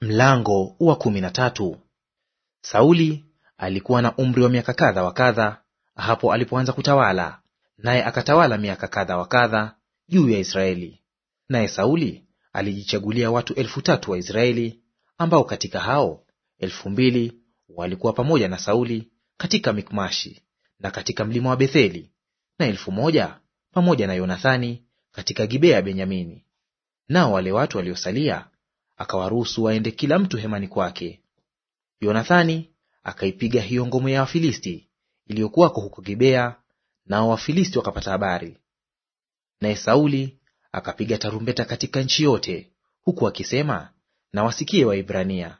Mlango wa kumi na tatu. Sauli alikuwa na umri wa miaka kadha wa kadha hapo alipoanza kutawala, naye akatawala miaka kadha wa kadha juu ya Israeli. Naye Sauli alijichagulia watu elfu tatu wa Israeli, ambao katika hao elfu mbili walikuwa pamoja na Sauli katika Mikmashi na katika mlima wa Betheli, na elfu moja pamoja na Yonathani katika Gibea ya Benyamini. Nao wale watu waliosalia akawaruhusu waende kila mtu hemani kwake. Yonathani akaipiga hiyo ngome ya Wafilisti iliyokuwako huko Gibea, nao Wafilisti wakapata habari. Naye Sauli akapiga tarumbeta katika nchi yote, huku akisema, na wasikie Waibrania.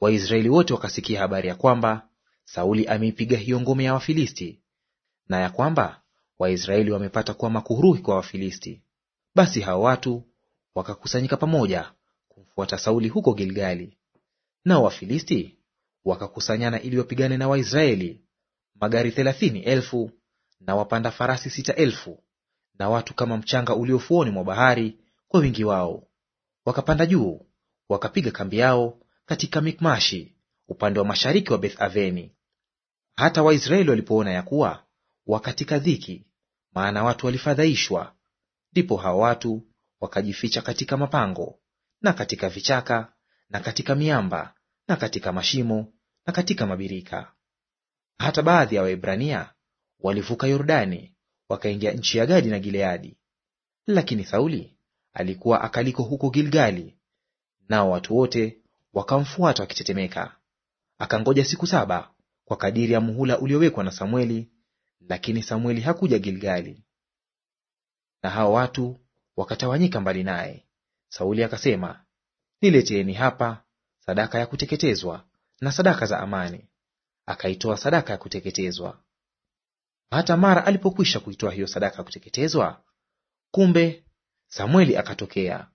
Waisraeli wote wakasikia habari ya kwamba Sauli ameipiga hiyo ngome ya Wafilisti, na ya kwamba Waisraeli wamepata kuwa makuruhi kwa Wafilisti. Basi hao watu wakakusanyika pamoja kumfuata Sauli huko Gilgali. Nao Wafilisti wakakusanyana ili wapigane na Waisraeli, magari thelathini elfu na wapanda farasi sita elfu na watu kama mchanga uliofuoni mwa bahari kwa wingi wao. Wakapanda juu wakapiga kambi yao katika Mikmashi upande wa mashariki wa Beth Aveni. Hata Waisraeli walipoona ya kuwa wakatika dhiki, maana watu walifadhaishwa, ndipo hawa watu wakajificha katika mapango na katika vichaka na katika miamba na katika mashimo na katika mabirika. Hata baadhi ya Waebrania walivuka Yordani wakaingia nchi ya Gadi na Gileadi. Lakini Sauli alikuwa akaliko huko Gilgali, nao watu wote wakamfuata wakitetemeka. Akangoja siku saba kwa kadiri ya muhula uliowekwa na Samueli, lakini Samueli hakuja Gilgali, na hao watu wakatawanyika mbali naye. Sauli akasema, nileteeni hapa sadaka ya kuteketezwa na sadaka za amani. Akaitoa sadaka ya kuteketezwa. Hata mara alipokwisha kuitoa hiyo sadaka ya kuteketezwa, kumbe Samueli akatokea,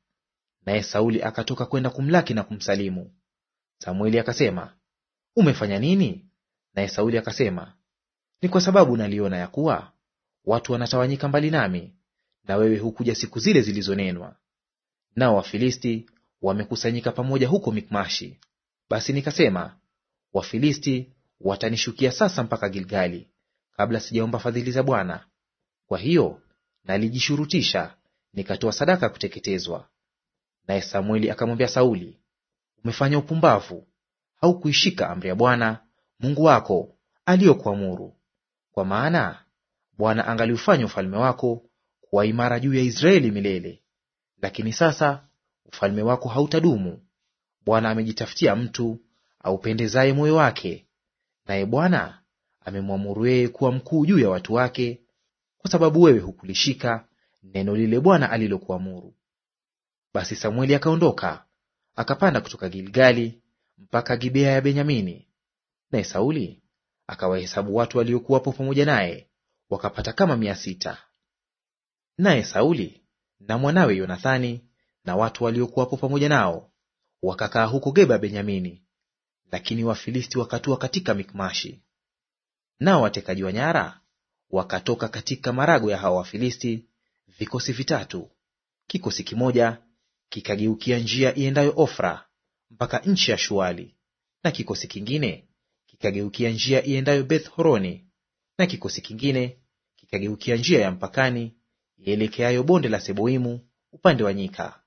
naye Sauli akatoka kwenda kumlaki na kumsalimu. Samueli akasema, umefanya nini? Naye Sauli akasema, ni kwa sababu naliona ya kuwa watu wanatawanyika mbali nami, na wewe hukuja siku zile zilizonenwa nao Wafilisti wamekusanyika pamoja huko Mikmashi. Basi nikasema, Wafilisti watanishukia sasa mpaka Gilgali, kabla sijaomba fadhili za Bwana. Kwa hiyo nalijishurutisha nikatoa sadaka ya kuteketezwa. Naye Samueli akamwambia Sauli, umefanya upumbavu, haukuishika amri ya Bwana Mungu wako aliyokuamuru, kwa maana Bwana angaliufanya ufalme wako kuwa imara juu ya Israeli milele. Lakini sasa ufalme wako hautadumu. Bwana amejitafutia mtu aupendezaye moyo wake, naye Bwana amemwamuru yeye kuwa mkuu juu ya watu wake, kwa sababu wewe hukulishika neno lile Bwana alilokuamuru. Basi Samueli akaondoka akapanda kutoka Gilgali mpaka Gibea ya Benyamini, naye Sauli akawahesabu watu waliokuwapo pamoja naye, wakapata kama mia sita. Naye Sauli na mwanawe Yonathani na watu waliokuwapo pamoja nao wakakaa huko Geba Benyamini. Lakini Wafilisti wakatua katika Mikmashi. Nao watekaji wa nyara wakatoka katika marago ya hao Wafilisti vikosi vitatu, kikosi kimoja kikageukia njia iendayo Ofra mpaka nchi ya Shuali, na kikosi kingine kikageukia njia iendayo Beth Horoni, na kikosi kingine kikageukia njia ya mpakani ielekeayo bonde la Seboimu upande wa nyika.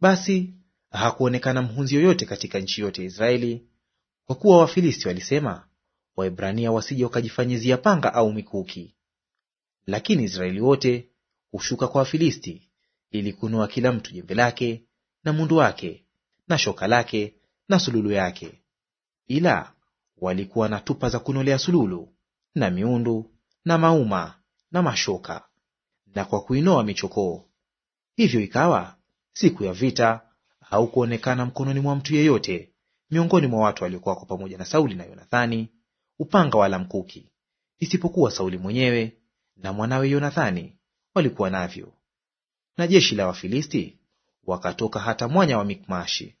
Basi hakuonekana mhunzi yoyote katika nchi yote ya Israeli, kwa kuwa Wafilisti walisema, Waebrania wasije wakajifanyizia panga au mikuki. Lakini Israeli wote hushuka kwa Wafilisti ili kunoa kila mtu jembe lake na mundu wake na shoka lake na sululu yake, ila walikuwa na tupa za kunolea sululu na miundu na mauma na mashoka na kwa kuinoa michokoo. Hivyo ikawa siku ya vita haukuonekana mkononi mwa mtu yeyote miongoni mwa watu waliokuwako pamoja na Sauli na Yonathani upanga wala mkuki, isipokuwa Sauli mwenyewe na mwanawe Yonathani walikuwa navyo. Na jeshi la Wafilisti wakatoka hata mwanya wa Mikmashi